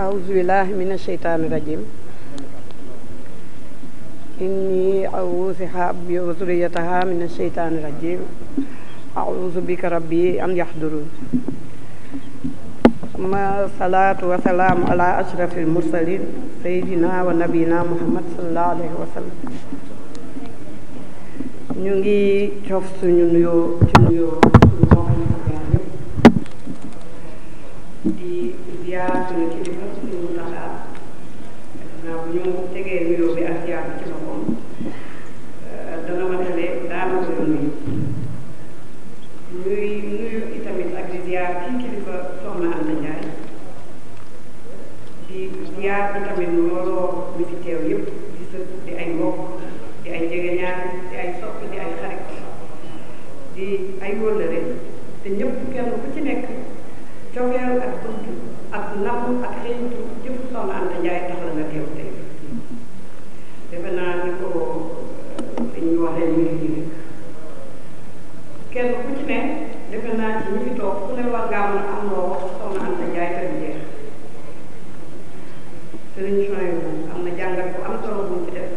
أعوذ بالله من الشيطان الرجيم إني أوصيها بذريتها من الشيطان الرجيم أعوذ بك ربي أن يحضرون ثم الصلاة والسلام على أشرف المرسلين سيدنا ونبينا محمد صلى الله عليه وسلم ñu ngi cof suñu nuyoo ci nuyoo suñu mbokk di ziar suñu njëriñu réew mi ak jàmm ci boppam euh, dana matale daanaka yoon wi ñuy nuyu itamit ak di ziar kii kilifa soxna Anta Ndiaye di ziar itamit mbooloo mi fi teew yëpp di sët di ay mbokk di ay jegeñaale di ay soppi di ay xarit di ay wóllëre te ñëpp kenn ku ci nekk cofeel ak bunt ak namm ak xeeñtu jëpp soxna Anta Ndiaye tax defe naa ci ñu toog ku ne war ngaa mën a am loo wax soxna Anta Njaay te du jeex sëriñ Sonia am na jàngat bu am solo bu def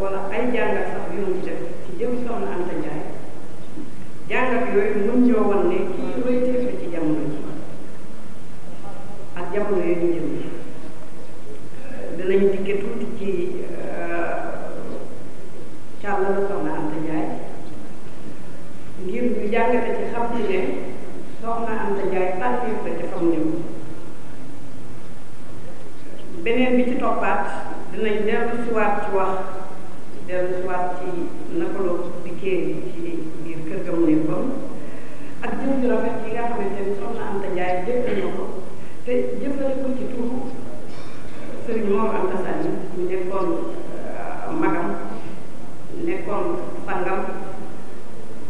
wala ay jàngat sax yu mu ci def ci jëm soxna Anta jàngat yooyu mun ñoo wan ne beneen bi ci toppaat dinañ dellu si ci wax dellu ci naka la dikkee ci biir kër ga mu nekkoon ak jëf ju rafet yi nga xamante te jëfale ko ci turu sëriñ nekkoon euh, magam nekkoon sangam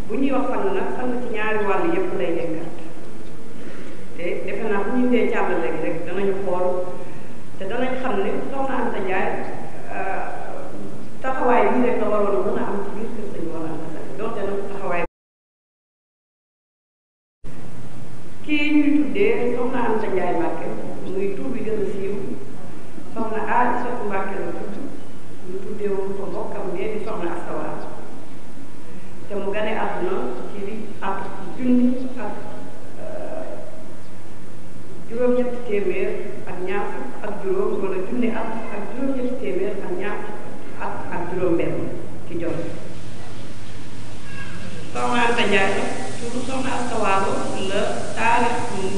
bu ñuy wax sang nag sang ci ñaari wàll yépp lay nekkat te defe bu ñu dee càllale rek danañu xool te danañ xam ne soxna Anta Ndiaye euh, taxawaay bi nekk la waroon mën a am ci biir kër sëñ Mawla Anta Sall donte nag taxawaay kii ñuy tuddee soxna Anta Ndiaye Mbacke muy tur bi gën a siiw soxna aadi soxna Mbacke la tudd ñu tuddee woon ko mbokkam bee di soxna Astawaat te mu gane àdduna ci li ak junni ak euh, juróom-ñetti téeméer juróom wala junni at ak juróom-ñetti téeméer ak ñaar at ak juróom-benn ci jot soxna Anta Ndiaye la taarix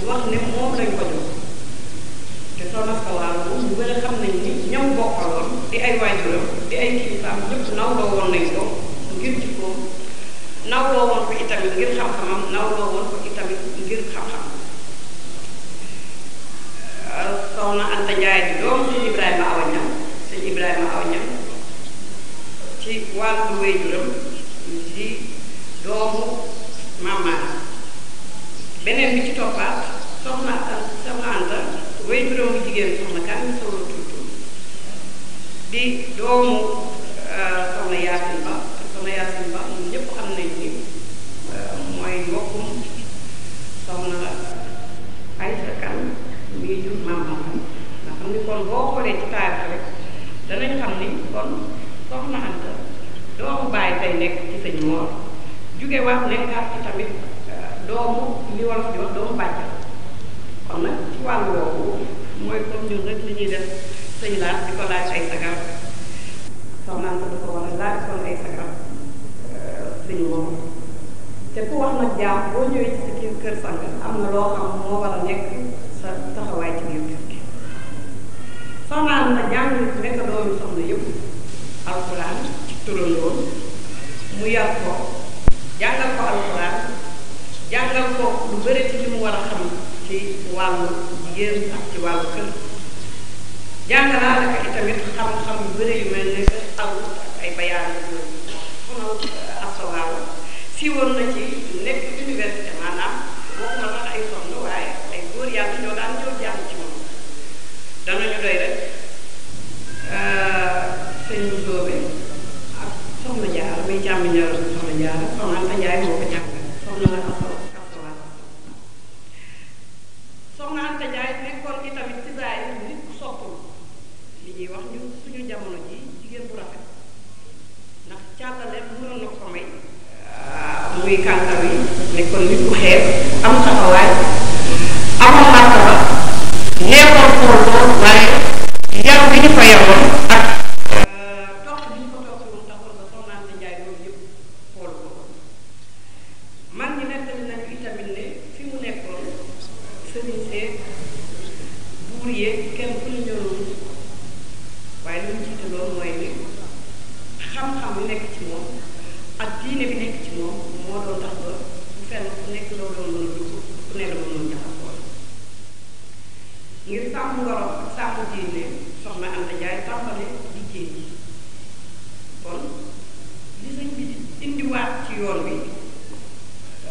wax ne moom lañ ko jox te soxna Asta Waalo ñu bëri xam nañ ni ñam bokkaloon di ay waajuram di ay kilifaam ñëpp nawloo woon nañ ko ngir jikkoom nawloo woon ko itamit ngir xam-xamam nawloo ci wàllu wéyjuram di doomu mamaara beneen bi ci toppaat soxna soxna Anta wéyjuram bu jigéen soxna kan soxna tuutu di doomu euh, soxna Yaasin Ba soxna Yaasin Ba ñun ñëpp xam nañ ni euh, mooy mbokkum soxna Aysa Kan mi jur maam ndax xam ni kon boo xoolee ci taarix rek danañ xam ni kon soxna Anta doomu bàyyi tey nekk ci sëñ Moor jóge wax nekkaat ci tamit euh, doomu li wolof di wax doomu bàjj kon nag ci wàllu woowu mooy comme ñun rek li ñuy def sëñ laaj di ko laaj ay sagar soxna Anta da ko a laaj kon ay sagar sëñ Moor wax nag jaam boo ñëwee ci sa kër sang am na loo xam moo war a nekk sa taxawaay ci biir kër gi soxna Anta jàng nekk doomu soxna yëpp alxuraan ci turaloon mu yar ko jàngal ko alxuraan jàngal ko lu bëri ci li mu war a xam ci wàllu jigéen ak ci wàllu kër jàngalaale ko itamit xam-xam yu bëri yu mel ne aw ak ay bayaan yooyu xamal euh, asawaaw siiwoon na ci nekk université càmmiñoo la soxna jaara soxna Anta Njaay moo ko jàngal soxna la Anta Kastuwaar soxna Anta Njaay nekkoon ci tamit ci zaay nit ku soppu li ñuy wax ñu suñu jamono ji jigéen bu rafet ndax càllale mënoon na ko may muy kàntaw yi nekkoon nit ku xeeb am taxawaay amoon martaba nekkoon pour lool waaye yar bi ñu ko ak borom sàmm diine soxna Anta Ndiaye tàmbale liggéey yi kon li sëñ bi indiwaat ci yoon bi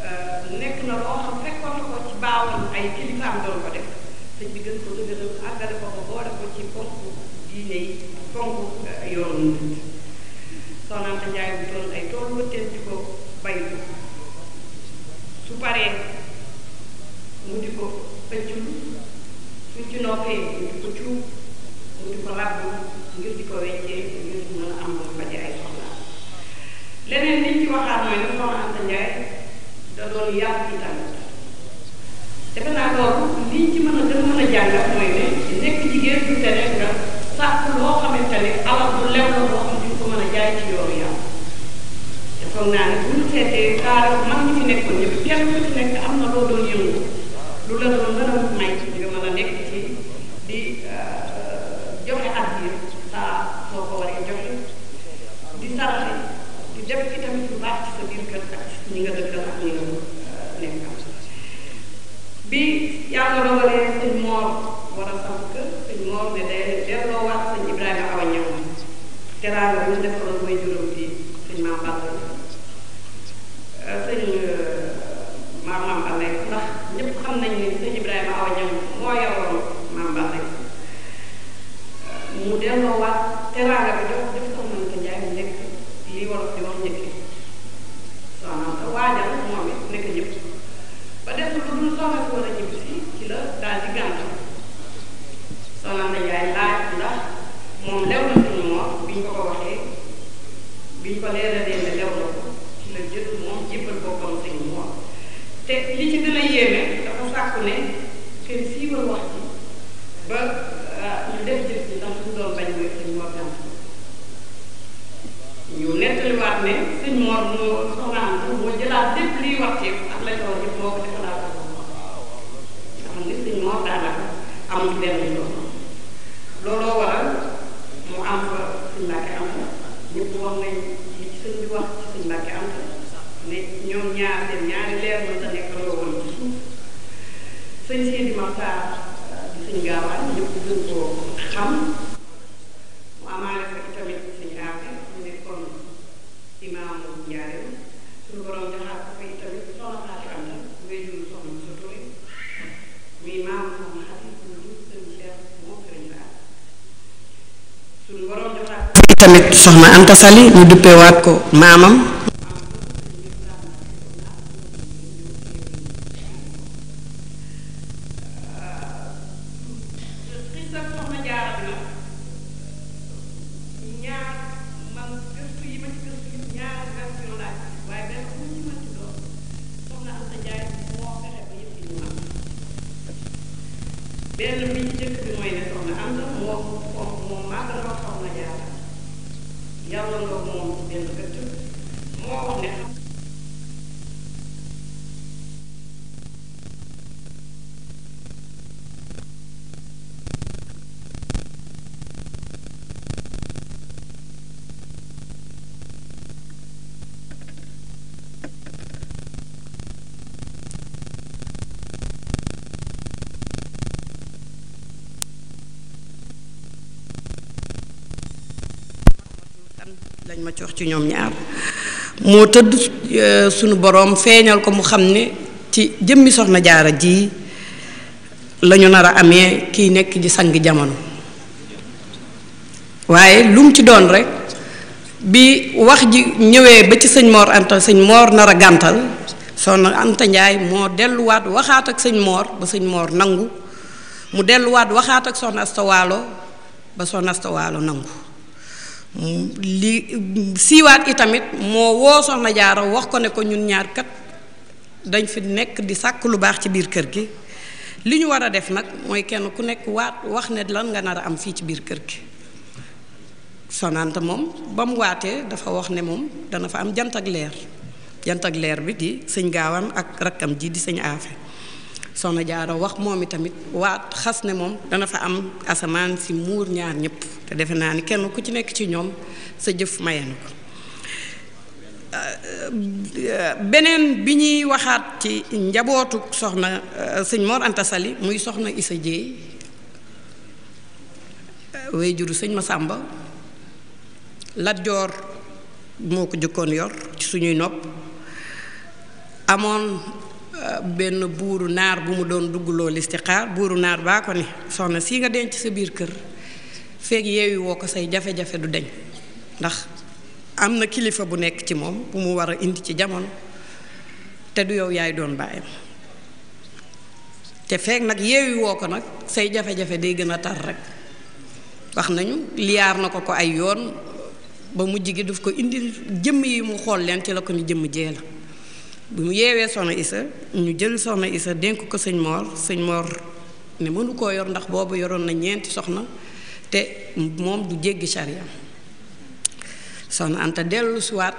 euh, nekk na loo xam fekkoon ko ci baawoon ay kilifaam doon ko def sëñ bi gën ko dëgëral àggale ko ko boole ko ci ponk diine yi ponk euh, yoonu nit soxna Anta Ndiaye bu doon ay tool wëtteen ko bay su paree mu di ko pëccul suñ ci noppee ñu di ko cuub ñu di ko ràbb ngir di ko weccee ngir am ba faje ay leneen liñ ci waxaat mooy ni soxna a gën mën a jàngat mooy ne nekk jigéen du tere nga sàkk loo xamante ne alal bu lew la xam ne ko a jaay ci yoonu yàlla foog naa ne bu ñu seetee kaara mag ñi fi nekkoon ñëpp kenn am na loo doon yëngu lu la doon gën a may nga nekk def ci lu baax ci sa biir kër ak ñi nga dëkkal ak ñi nga nekk am bi yàlla dogalee sëñ moor war a samp kër sëñ moor ne day delloowaat sëñ Ibrahima awa ñëw teraanga bu ñu def yéene dafa sàkku ne kenn siiwal wax ji ba euh, ñu def jëf ji ndax ñu doon bañ mooy sëñ Mor Dam ñu nettaliwaat ne sëñ Mor moo soxnaam bu moo jëlaat lépp liy waxteef ak la doon moo ko defalaat xam nga sëñ Mor daanaka amul benn yoon looloo waral mu am fa sëñ am fa ñëpp wax nañ li ci sëñ wax ci sëñ Mbàkke am fa ne ñoom ñaar seen ñaari leer mën ta nekk loo woon ci suuf sëñ seen di maxtaar eh, di sëñ gaawaan ñëpp gën koo xam mu amaale fa itamit sëñ aafe mu nekkoon imaamu njaareem suñu borom joxaat ko fa itamit soxna xaati am na ngay jur soxna sa ture muy maam soxna xaati sëñ moo sëñ laal suñu borom joxaat tamit soxna ñu ko maamam benn bi jëkk bi mooy ne soxna am na moo moom moom màggal na soxna jaara yàlla moom ci benn moo wax ne ma ci wax ci ñoom ñaar moo tëdd e, sunu borom feeñal ko mu xam ne ci jëmmi soxna jaara ji lañu nar a amee nekk ji sang jamono waaye lu ci doon rek bi wax ji ñëwee ba ci sëñ moor anta sëñ moor nar a gàntal soxna anta njaay moo delluwaat waxaat ak sëñ moor ba sëñ moor nangu mu delluwaat waxaat ak soxna astawaalo ba soxna astawaalo nangu li siiwaat itamit moo woo soxna jaara wax ko ne ko ñun ñaar kat dañ fi nekk di sàkk lu baax ci biir kër gi li ñu war a def nag mooy kenn ku nekk waat wax ne lan nga nar a am fii ci biir kër gi sonante moom ba mu waatee dafa wax ne moom dana fa am jant ak leer jant ak leer bi di sëñ gaawam ak rakkam ji di sëñ aafe soxna jaaro wax moom i tamit waat xas ne moom dana fa am asamaan si muur ñaar ñëpp te defe naa ni kenn ku ci nekk ci ñoom sa jëf maye na beneen bi ñuy waxaat ci njabootu soxna euh, sëñ Mor Anta muy soxna Isa Jéey euh, way juru sëñ Masàmba Lat Joor moo ko jëkkoon yor ci suñuy nopp amoon benn buuru naar bu mu doon duggloo listixaar buuru naar baa ko ne soxna si nga denc sa biir kër feeg yeewi woo ko say jafe-jafe du deñ ndax am na kilifa bu nekk ci moom bu mu war a indi ci jamono te du yow yaay doon bàyyam te feeg nag yeewi woo ko nag say jafe-jafe day gën a tar rekk wax nañu liyaar na ko ko ay yoon ba mujj gi daf ko indi jëmm yi mu xool leen ci la ko ni jëmm jee la bi mu yeewee soxna isa ñu jël soxna isa dénk ko sëñ moor sëñ moor ne mënu koo yor ndax boobu yoroon na ñeenti soxna te moom du jéggi charia soxna anta dellu suwaat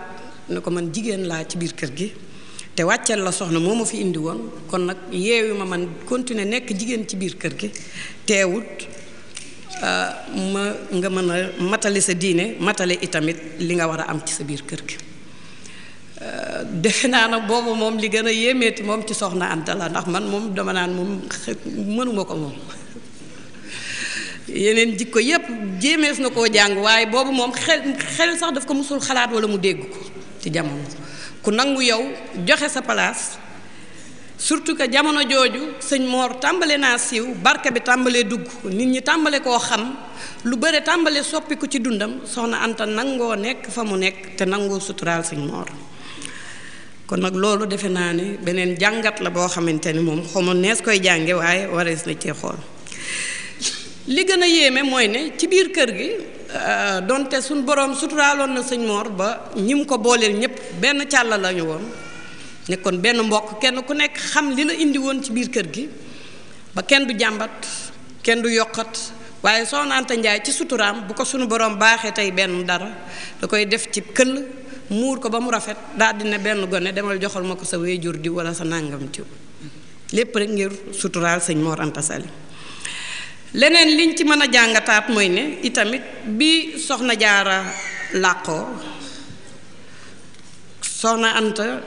ne ko man jigéen laa ci biir kër gi te wàcceel la soxna moo ma fi indi woon kon nag yeewi ma man continuer nekk jigéen ci biir kër gi teewut ah, ma nga mën matali sa diine matale itamit li nga war a am ci sa biir kër gi defe naa na boobu moom li gën a yéemeeti moom ci soxna Anta ndax man moom dama naan moom mënuma ko moom yeneen jikko yépp jéemees na koo jàng waaye boobu moom xel sax daf ko musul xalaat mu dégg ko ci jamono ku nangu yow joxe sa place surtout que jamono jooju sëñ Mor tàmbale naa siiw barke bi tàmbalee dugg nit ñi tàmbale koo xam lu bëre tàmbale soppiku ci dundam soxna Anta nangoo nekk fa mu nekk te nangoo suturaal sëñ Mor kon nag loolu defe naa ne beneen jàngat la boo xamante ni moom xamul nees koy jànge waaye warees na cee xool li gën a yéeme mooy ne ci biir kër gi euh, donte suñu borom suturaaloon na sëñ Mor ba ñim ko booleel ñëpp benn càll lañu woon nekkoon benn mbokk kenn ku nekk xam li la indi woon ci biir kër gi ba kenn du jàmbat kenn du yokkat waaye soo Anta Njaay ci suturaam bu ko suñu boroom baaxee tey benn dara da koy def ci këll muur ko ba mu rafet daal di ne benn gone demal joxal ma ko sa wéyjur diw wala sa nàngam diw lépp rek ngir suturaal sëñ Mor Anta leneen liñ ci mën a jàngataat mooy ne itamit bi soxna jaara làqoo soxna Anta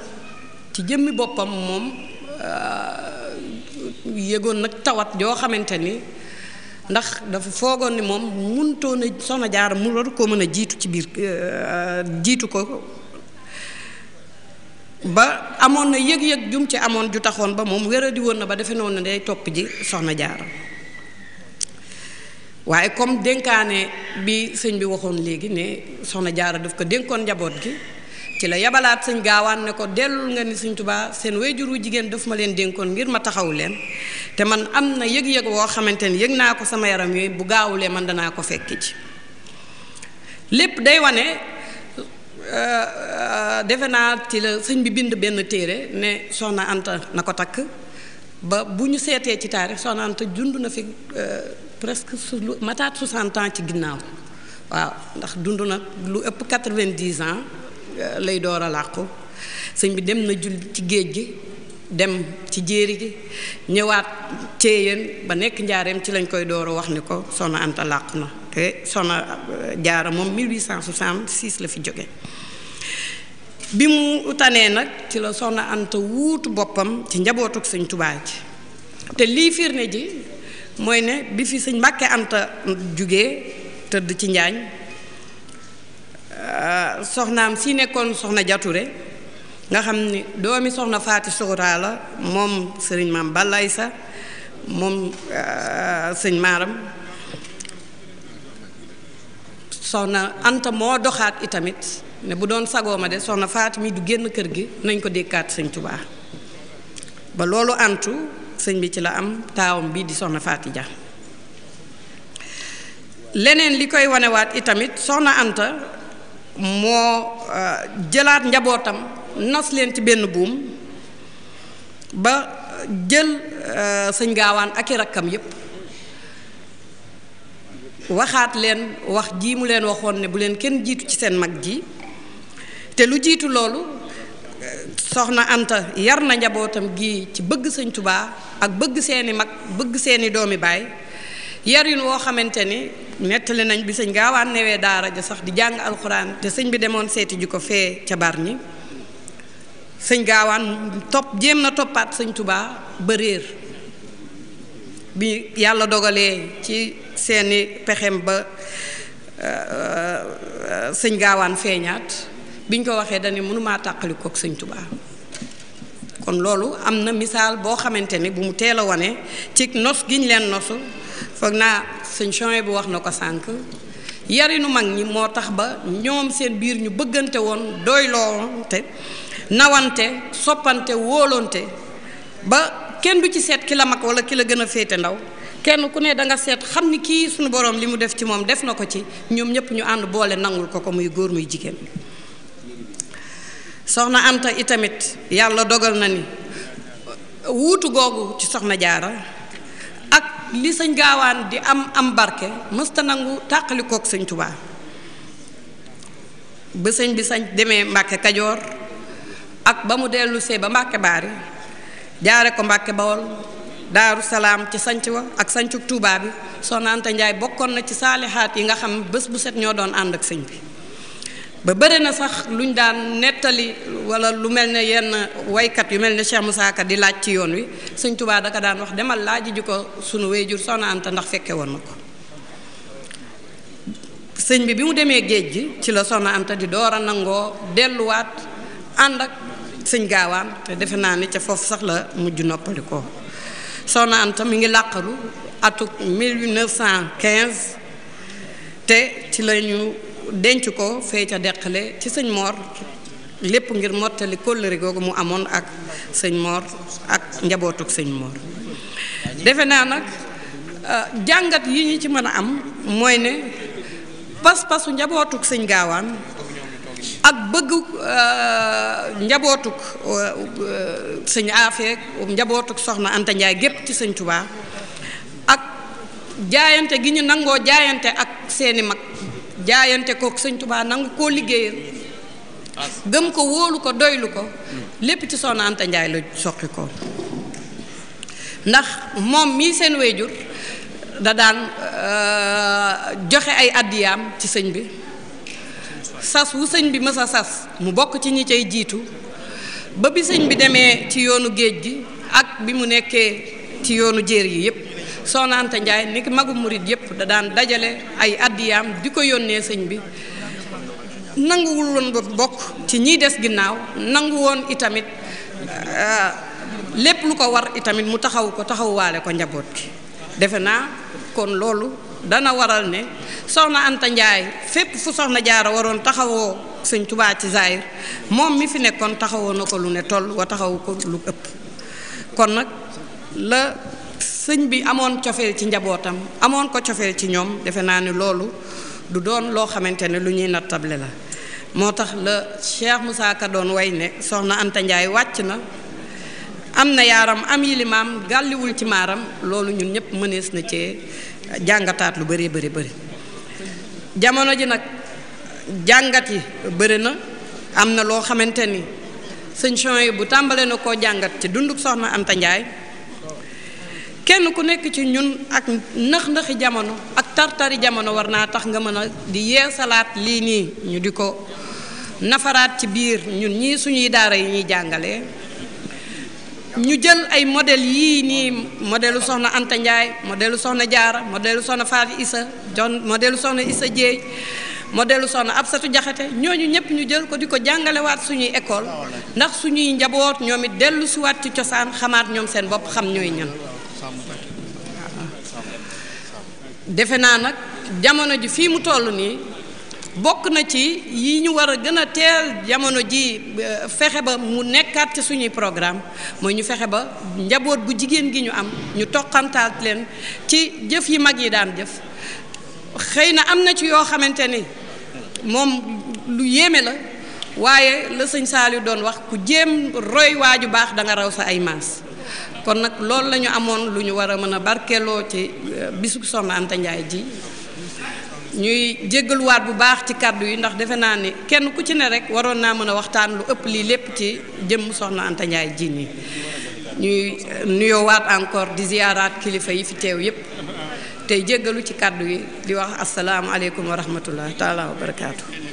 ci jëmmi boppam moom euh, yëgoon nag tawat joo xamante ni ndax dafa foogoon ni moom mënutoon a soxna jaara mu war koo mën a jiitu ci biir euh, jiitu ko ba amoon na yëg-yëg jum ci amoon ju taxoon ba moom wéradi woon na ba defe noonu ne day topp ji soxna jaara waaye comme dénkaane bi sëñ bi waxoon léegi ne soxna jaara daf ko dénkoon njaboot gi ci la yabalaat sëñ gaawaan ne ko dellul nga ni sëñ tubaa seen wayjuru jigéen daf ma leen dénkoon ngir ma taxaw leen te man am na yëg-yëg woo xamante ni yëg naa ko sama yaram yooyu bu gaawulee man danaa ko fekki ci lépp day wane euh, euh, defe naa ci la sëñ bi bind benn téere ne soxna Anta na ko takk ba bu ñu seetee ci taarix soxna Anta dund na fi euh, presque su mataat 60 ans ci ginnaaw waaw ndax dund na lu ëpp 90 ans lay door a làqu sëñ bi dem na jul ci géej gi dem ci jéeri gi ñëwaat ceeyeen ba nekk njaareem ci lañ koy door a wax ni ko Soxna Anta làqu na te Soxna euh, Jaara moom 1866 la fi jóge bi mu tanee nag ci la Soxna Anta wuutu boppam ci njabootug sëñ Tubaa te lii firnde ji mooy ne bi fi sëñ Mbàkke Anta jugee tëdd ci njaañ Euh, soxnaam si nekkoon soxna jature nga xam ni doomi soxna faati sukuraa la moom sëriñ maam ballay moom euh, sëñ maaram soxna anta moo doxaat itamit ne bu doon ma de soxna faati mi du génn kër gi nañ ko dékkaat sëñ tubaa ba loolu antu sëñ bi ci la am taawam bii di soxna faati ja leneen li koy wanewaat itamit soxna anta moo euh, jëlaat njabootam nas leen ci benn buum ba jël euh, sëñ gaawaan ak i rakkam yépp waxaat leen wax ji mu leen waxoon ne bu leen kenn jiitu ci seen mag ji te lu jiitu loolu euh, soxna Anta yar na njabootam gi ci bëgg sëñ Tubaa ak bëgg seeni mag bëgg seeni doomi baay yarin woo xamante ni nettali nañ bi sëñ gaawaan newee daara ja sax di jàng alxuraan te sëñ bi demoon seeti ji ko fee ca bar Bargny sëñ gaawaan topp jéem na toppaat sëñ tubaa ba réer bi yàlla dogalee ci seeni pexem ba euh, sëñ gaawaan feeñaat biñ ko waxee dañu mënumaa tàqalikook sëñ tubaa kon loolu am na misaal boo xamante ni bu mu teel a wane ci nos giñ leen nosu foog naa sëñ Chouaib bu wax na ko sànq yarinu mag ñi moo tax ba ñoom seen biir ñu bëggante woon doyloonte nawante soppante wóolonte ba kenn du ci seet ki la mag wala ki la gën a féete ndaw kenn ku ne danga nga seet xam ni kii suñu boroom li mu def ci moom def na ko ci ñoom ñëpp ñu ànd boole nangul ko ko muy góor muy jigéen soxna Anta itamit yàlla dogal na ni wuutu googu ci soxna jaara li sëñ gaawaan di am am barke mësta nangu tàqalikook sëñ tubaa ba sëñ bi sañ demee mbàkke kajoor ak ba mu dellusee ba mbàkke baari jaare ko mbàkke bawol daaru salaam ci sanc wa ak sancuk tubaab bi soxna Anta Njaay bokkoon na ci saalihaat yi nga xam bés bu set ñoo doon ànd ak sëñ bi ba bëri na sax lu ñu daan nettali wala lu mel ne yenn woykat yu mel ne Cheikh Moussa di laaj ci yoon wi Sëñ Tuubaa daka daan wax demal laaj ji ko sunu wéyjur Soxna Anta ndax fekkee woon na ko sëñ bi bi mu demee géej gi ci la Soxna Anta di door a nangoo delluwaat ànd ak sëñ gaawaan te defe naa ni ca foofu sax la mujj noppali ko Soxna ngi làqalu atuk te ci lañu denc ko fee ca deqale ci sëñ Mor lépp ngir mottali kóllëre googu mu amoon ak sëñ Mor ak njabootuk sëñ Mor defe naa nag euh, jàngat yi ñu ci mën a am mooy ne pas-pasu njabootuk sëñ gaawaan ak bëgg euh, njabootuk euh, sëñ aafeek njabootuk soxna Anta Njaay gépp ci sëñ Tuubaa ak jaayante gi ñu nangoo jaayante ak seeni mag jaayante kook sëñ tubaa nangu koo liggéeyal gëm ko wóolu ko doylu ko lépp ci soxna Anta Njaay la soqi ko ndax moom mii seen wéyjur da daan euh, joxe ay àddiyaam ci sëñ bi sas wu sëñ bi mës a sas mu bokk ci ñi cay jiitu ba bi sëñ bi demee ci yoonu géej gi ak bi mu nekkee ci yoonu jéer yi yépp Soxna Anta Ndiaye ni ki murit yëpp da daan dajale ay addiyaam di ko yónnee sëñ bi nanguwul woon ba bokk ci ñiy des ginnaaw nangu woon itamit euh, lépp lu ko war itamit mu taxaw ko taxawwaale ko njaboot gi defe naa kon loolu dana waral ne soxna Anta Ndiaye fépp fu soxna jaaro waroon taxawoo sëñ Tubaa ci zaayir moom mi fi nekkoon taxawoo na ko lu ne toll wa taxaw ko lu ëpp kon nag la sëñ bi amoon cofeel ci njabootam amoon ko cofeel ci ñoom defe naa ni loolu du doon loo xamante ne lu ñuy nattable la moo tax la Cheikh Moussa doon way ne soxna Anta Ndiaye wàcc na am na yaaram am yilimaam gàlliwul ci maaram loolu ñun ñëpp mënees na cee jàngataat lu bëree bëri bëri jamono ji nag jàngat yi bëri na am na loo xamante ni sëñ yi bu tàmbale na koo jàngat ci dunduk soxna Anta Ndiaye kenn ku nekk ci ñun ak nax-naxi jamono ak tartari jamono war naa tax nga mën a di yeesalaat lii nii ñu di ko nafaraat ci biir ñun ñii suñuy daara yi ñuy jàngale ñu jël ay modèle yii nii modèlu soxna Anta Ndiaye modèlu soxna Jaara modèlu soxna Faati Isa Jon modèlu soxna Isa Jéey modèlu soxna Absatu Jaxate ñooñu ñëpp ñu jël ko di ko jàngalewaat suñuy école ndax suñuy njaboot ñoom it dellu siwaat ci cosaan xamaat ñoom seen bopp xam ñooy ñan defe naa nag jamono ji fii mu toll nii bokk na ci yi ñu war a gën a teel jamono ji euh, fexe ba mu nekkaat ci suñuy programme mooy ñu fexe ba njaboot bu jigéen gi ñu am ñu toqantaat leen ci jëf yi mag yi daan jëf xëy na am na ci yoo xamante ni moom lu yéeme la waaye la sëñ Saliou doon wax ku jéem roy ju baax da nga raw sa ay maas kon nag loolu lañu amoon lu ñu war a mën a barkeeloo ci euh, bisu soxna Anta ji ñuy jéggaluwaat bu baax ci kàddu yi ndax defe naa ni kenn ku ci ne rek waroon naa mën a waxtaan lu ëpp lii lépp ci jëmm sonn Anta Ndiaye ji nii ñuy euh, nuyoowaat encore di ziyaaraat kilifa yi fi teew yépp tey jéggalu ci kàddu yi di wax asalaamaaleykum wa rahmatullah taala barakaatu.